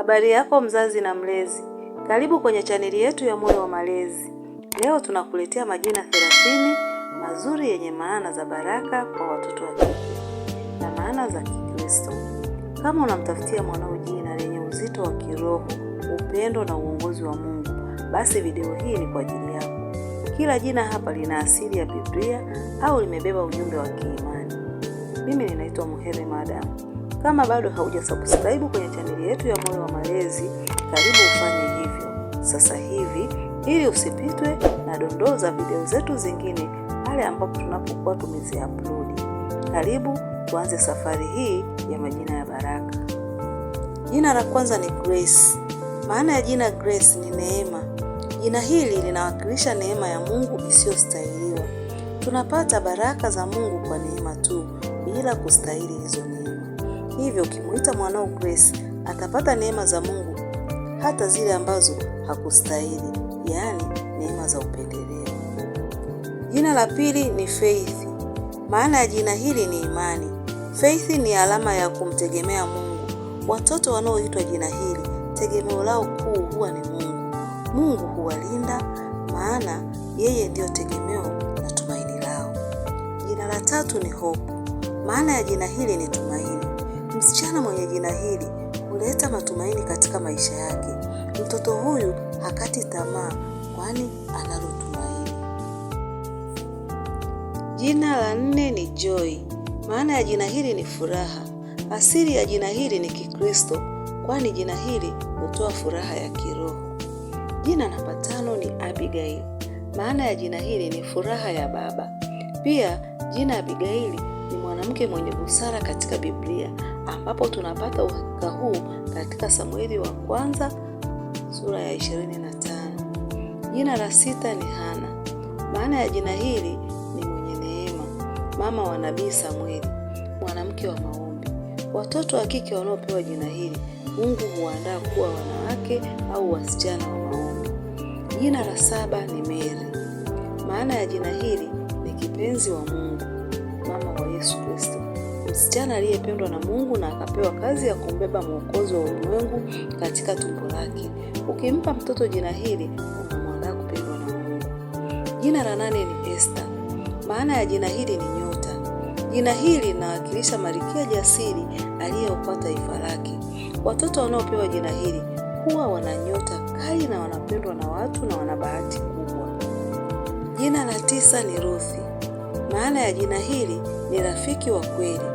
Habari yako mzazi na mlezi, karibu kwenye chaneli yetu ya Moyo wa Malezi. Leo tunakuletea majina thelathini mazuri yenye maana za baraka kwa watoto wa kike na maana za Kikristo. Kama unamtafutia mwanao jina lenye uzito wa kiroho, upendo na uongozi wa Mungu, basi video hii ni kwa ajili yako. Kila jina hapa lina asili ya Biblia au limebeba ujumbe wa kiimani. Mimi ninaitwa Muhere Madam. Kama bado hauja subscribe kwenye chaneli yetu ya Moyo wa Malezi, karibu ufanye hivyo sasa hivi ili usipitwe na dondoo za video zetu zingine pale ambapo tunapokuwa upload. Karibu tuanze safari hii ya majina ya baraka. Jina la kwanza ni Grace. Maana ya jina Grace ni neema. Jina hili linawakilisha neema ya Mungu isiyostahiliwa. Tunapata baraka za Mungu kwa neema tu bila kustahili hizo neema. Hivyo ukimwita mwanao Grace atapata neema za Mungu hata zile ambazo hakustahili, yaani neema za upendeleo. Jina la pili ni Faith. Maana ya jina hili ni imani. Faith ni alama ya kumtegemea Mungu. Watoto wanaoitwa jina hili tegemeo lao kuu huwa ni Mungu. Mungu huwalinda, maana yeye ndiyo tegemeo na tumaini lao. Jina la tatu ni Hope. Maana ya jina hili ni tumaini. Msichana mwenye jina hili huleta matumaini katika maisha yake. Mtoto huyu hakati tamaa, kwani analo tumaini. Jina la nne ni Joy. Maana ya jina hili ni furaha. Asili ya jina hili ni Kikristo, kwani jina hili hutoa furaha ya kiroho. Jina namba tano ni Abigail. Maana ya jina hili ni furaha ya baba. Pia jina Abigaili ni mwanamke mwenye busara katika Biblia ambapo tunapata uhakika huu katika Samueli wa kwanza sura ya 25. Jina la sita ni Hana. Maana ya jina hili ni mwenye neema, mama wa nabii Samueli, mwanamke wa maombi. Watoto wa kike wanaopewa jina hili Mungu huandaa kuwa wanawake au wasichana wa maombi. Jina la saba ni Meri. Maana ya jina hili ni kipenzi wa Mungu, mama wa Yesu Kristo msichana aliyependwa na Mungu na akapewa kazi ya kumbeba Mwokozi wa ulimwengu katika tumbo lake. Ukimpa mtoto jina hili, unamwandaa kupendwa na Mungu. Jina la nane ni Esta. Maana ya jina hili ni nyota. Jina hili linawakilisha malkia jasiri aliyeokoa taifa lake. Watoto wanaopewa jina hili huwa wana nyota kali na wanapendwa na watu na wana bahati kubwa. Jina la tisa ni Ruthi. Maana ya jina hili ni rafiki wa kweli.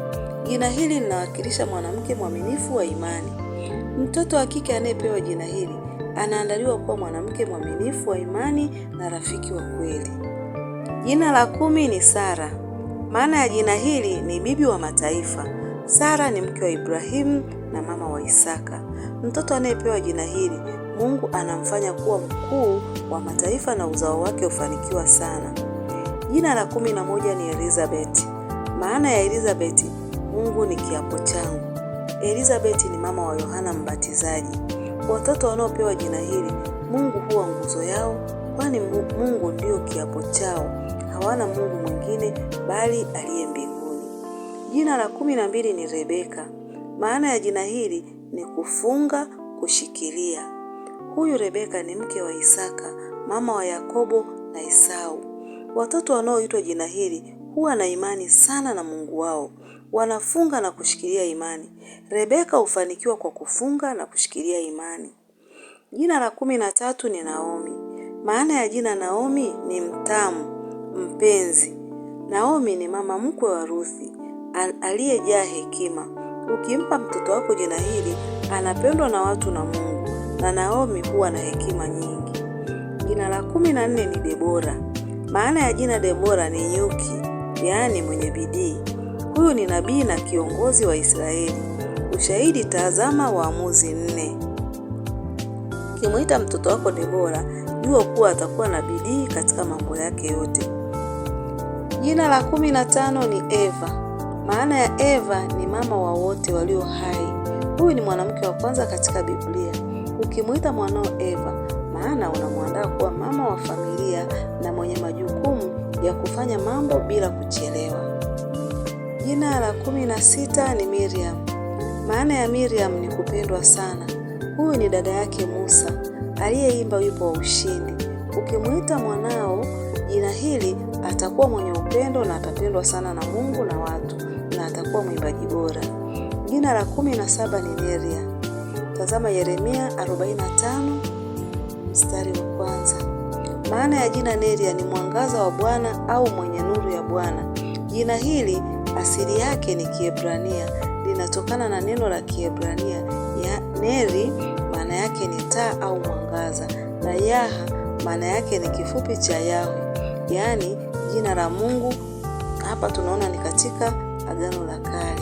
Jina hili linawakilisha mwanamke mwaminifu wa imani. Mtoto wa kike anayepewa jina hili anaandaliwa kuwa mwanamke mwaminifu wa imani na rafiki wa kweli. Jina la kumi ni Sara. Maana ya jina hili ni bibi wa mataifa. Sara ni mke wa Ibrahimu na mama wa Isaka. Mtoto anayepewa jina hili, Mungu anamfanya kuwa mkuu wa mataifa na uzao wake ufanikiwa sana. Jina la kumi na moja ni Elizabeth. Maana ya Elizabeth Mungu ni kiapo changu. Elizabeti ni mama wa Yohana Mbatizaji. Watoto wanaopewa jina hili, Mungu huwa nguzo yao, kwani Mungu ndiyo kiapo chao. Hawana Mungu mwingine bali aliye mbinguni. Jina la kumi na mbili ni Rebeka. Maana ya jina hili ni kufunga, kushikilia. Huyu Rebeka ni mke wa Isaka, mama wa Yakobo na Esau. Watoto wanaoitwa jina hili huwa na imani sana na Mungu wao wanafunga na kushikilia imani. Rebeka hufanikiwa kwa kufunga na kushikilia imani. Jina la kumi na tatu ni Naomi. Maana ya jina Naomi ni mtamu, mpenzi. Naomi ni mama mkwe wa Ruthi aliyejaa hekima. Ukimpa mtoto wako jina hili, anapendwa na watu na Mungu, na Naomi huwa na hekima nyingi. Jina la kumi na nne ni Debora. Maana ya jina Debora ni nyuki, yaani mwenye bidii. Huyu ni nabii na kiongozi wa Israeli. Ushahidi, tazama Waamuzi nne. Ukimwita mtoto wako Debora, jua kuwa atakuwa na bidii katika mambo yake yote. Jina la kumi na tano ni Eva. Maana ya Eva ni mama wa wote walio hai. Huyu ni mwanamke wa kwanza katika Biblia. Ukimwita mwanao Eva, maana unamwandaa kuwa mama wa familia na mwenye majukumu ya kufanya mambo bila kuchelewa. Jina la kumi na sita ni Miriam. Maana ya Miriam ni kupendwa sana. Huyu ni dada yake Musa aliyeimba wimbo wa ushindi. Ukimwita mwanao jina hili, atakuwa mwenye upendo na atapendwa sana na Mungu na watu, na atakuwa mwimbaji bora. Jina la kumi na saba ni Neria. Tazama Yeremia 45 mstari wa kwanza. Maana ya jina Neria ni mwangaza wa Bwana au mwenye nuru ya Bwana. Jina hili asili yake ni Kiebrania, linatokana na neno la Kiebrania ya neri, maana yake ni taa au mwangaza, na yaha maana yake ni kifupi cha Yahwe, yaani jina la Mungu. Hapa tunaona ni katika Agano la Kale.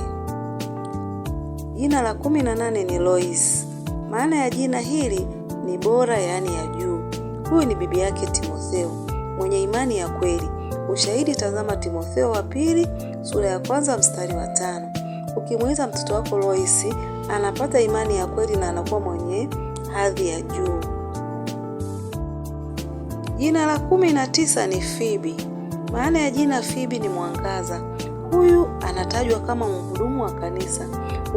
Jina la kumi na nane ni Lois. Maana ya jina hili ni bora, yaani ya juu. Huyu ni bibi yake Timotheo mwenye imani ya kweli. Ushahidi, tazama Timotheo wa pili sura ya kwanza mstari wa tano. Ukimwita mtoto wako Loisi anapata imani ya kweli na anakuwa mwenye hadhi ya juu. Jina la kumi na tisa ni Fibi. Maana ya jina Fibi ni mwangaza. Huyu anatajwa kama mhudumu wa kanisa.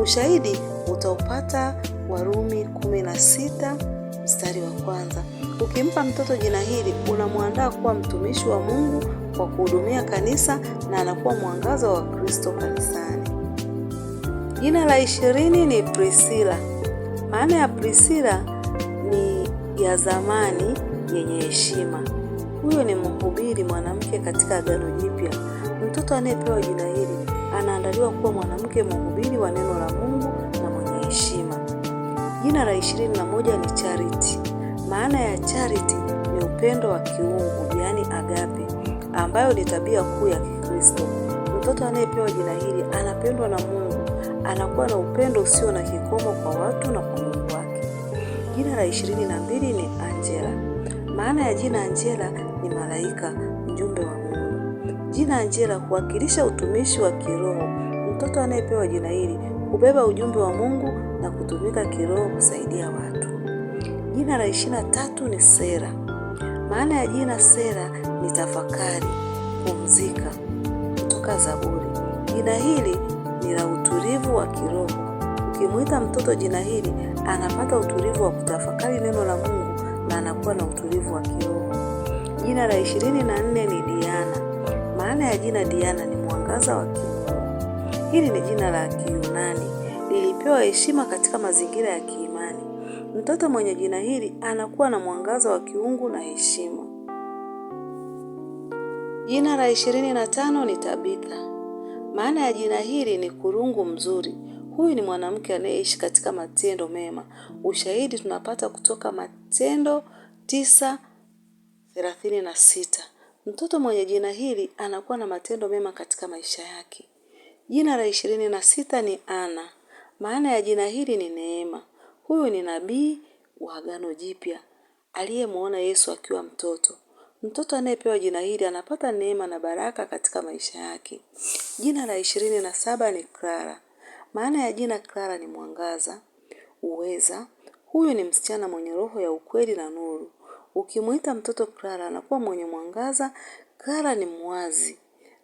Ushahidi utaupata Warumi kumi na sita mstari wa kwanza. Ukimpa mtoto jina hili unamwandaa kuwa mtumishi wa Mungu kwa kuhudumia kanisa na anakuwa mwangaza wa Kristo kanisani. Jina la ishirini ni Priscilla. Maana ya Priscilla ni ya zamani yenye heshima. Huyo ni mhubiri mwanamke katika Agano Jipya. Mtoto anayepewa jina hili anaandaliwa kuwa mwanamke mhubiri wa neno la Mungu na mwenye heshima. Jina la ishirini na moja ni Charity. Maana ya Charity ni upendo wa kiungu, yaani agape ambayo ni tabia kuu ya Kikristo. Mtoto anayepewa jina hili anapendwa na Mungu, anakuwa na upendo usio na kikomo kwa watu na kwa Mungu wake. Jina la ishirini na mbili ni Angela. Maana ya jina Angela ni malaika, mjumbe wa Mungu. Jina Angela huwakilisha utumishi wa kiroho. Mtoto anayepewa jina hili hubeba ujumbe wa Mungu na kutumika kiroho kusaidia watu. Jina la ishirini na tatu ni Sera. Maana ya jina Sera nitafakari, pumzika, kutoka Zaburi. Jina hili ni la utulivu wa kiroho. Ukimwita mtoto jina hili, anapata utulivu wa kutafakari neno la Mungu na anakuwa na utulivu wa kiroho. Jina la ishirini na nne ni Diana. Maana ya jina Diana ni mwangaza wa kiroho. Hili ni jina la Kiyunani, lilipewa heshima katika mazingira ya kiimani. Mtoto mwenye jina hili anakuwa na mwangaza wa kiungu na heshima. Jina la ishirini na tano ni Tabitha. Maana ya jina hili ni kurungu mzuri. Huyu ni mwanamke anayeishi katika matendo mema. Ushahidi tunapata kutoka Matendo tisa thelathini na sita. Mtoto mwenye jina hili anakuwa na matendo mema katika maisha yake. Jina la ishirini na sita ni Ana. Maana ya jina hili ni neema. Huyu ni nabii wa Agano Jipya aliyemwona Yesu akiwa mtoto. Mtoto anayepewa jina hili anapata neema na baraka katika maisha yake. Jina la ishirini na saba ni Clara. Maana ya jina Clara ni mwangaza, uweza. Huyu ni msichana mwenye roho ya ukweli na nuru. Ukimwita mtoto Clara anakuwa mwenye mwangaza. Clara ni mwazi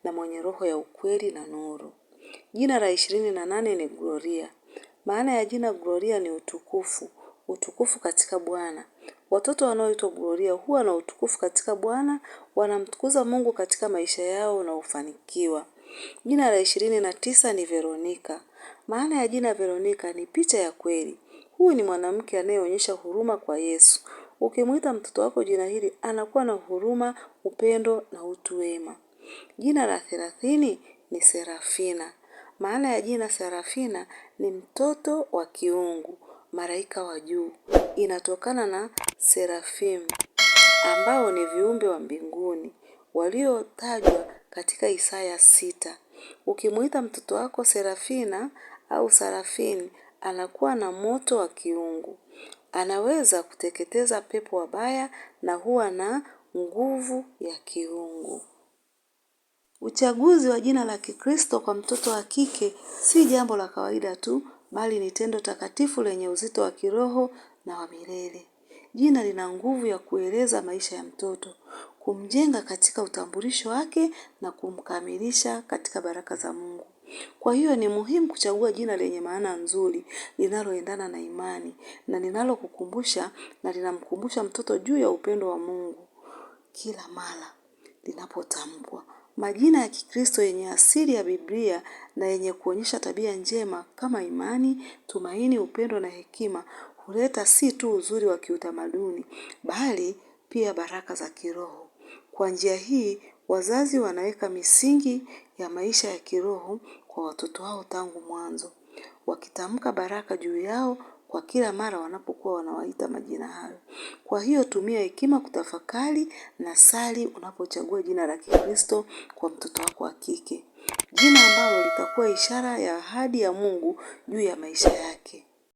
na mwenye roho ya ukweli na nuru. Jina la ishirini na nane ni Gloria. Maana ya jina Gloria ni utukufu, utukufu katika Bwana. Watoto wanaoitwa Gloria huwa na utukufu katika Bwana, wanamtukuza Mungu katika maisha yao na ufanikiwa. Jina la ishirini na tisa ni Veronika. Maana ya jina Veronika ni picha ya kweli. Huyu ni mwanamke anayeonyesha huruma kwa Yesu. Ukimwita mtoto wako jina hili, anakuwa na huruma, upendo na utu wema. Jina la thelathini ni Serafina. Maana ya jina Serafina ni mtoto wa kiungu malaika wa juu inatokana na serafimu ambao ni viumbe wa mbinguni waliotajwa katika Isaya sita. Ukimwita mtoto wako Serafina au Sarafini, anakuwa na moto wa kiungu, anaweza kuteketeza pepo wabaya na huwa na nguvu ya kiungu. Uchaguzi wa jina la Kikristo kwa mtoto wa kike si jambo la kawaida tu, bali ni tendo takatifu lenye uzito wa kiroho na wa milele. Jina lina nguvu ya kueleza maisha ya mtoto, kumjenga katika utambulisho wake na kumkamilisha katika baraka za Mungu. Kwa hiyo ni muhimu kuchagua jina lenye maana nzuri, linaloendana na imani na linalokukumbusha na linamkumbusha mtoto juu ya upendo wa Mungu kila mara linapotamkwa. Majina ya Kikristo yenye asili ya Biblia na yenye kuonyesha tabia njema kama imani, tumaini, upendo na hekima huleta si tu uzuri wa kiutamaduni bali pia baraka za kiroho. Kwa njia hii, wazazi wanaweka misingi ya maisha ya kiroho kwa watoto wao tangu mwanzo, wakitamka baraka juu yao kwa kila mara wanapokuwa wanawaita majina hayo. Kwa hiyo tumia hekima kutafakari na sali unapochagua jina la Kikristo kwa mtoto wako wa kike, jina ambalo litakuwa ishara ya ahadi ya Mungu juu ya maisha yake.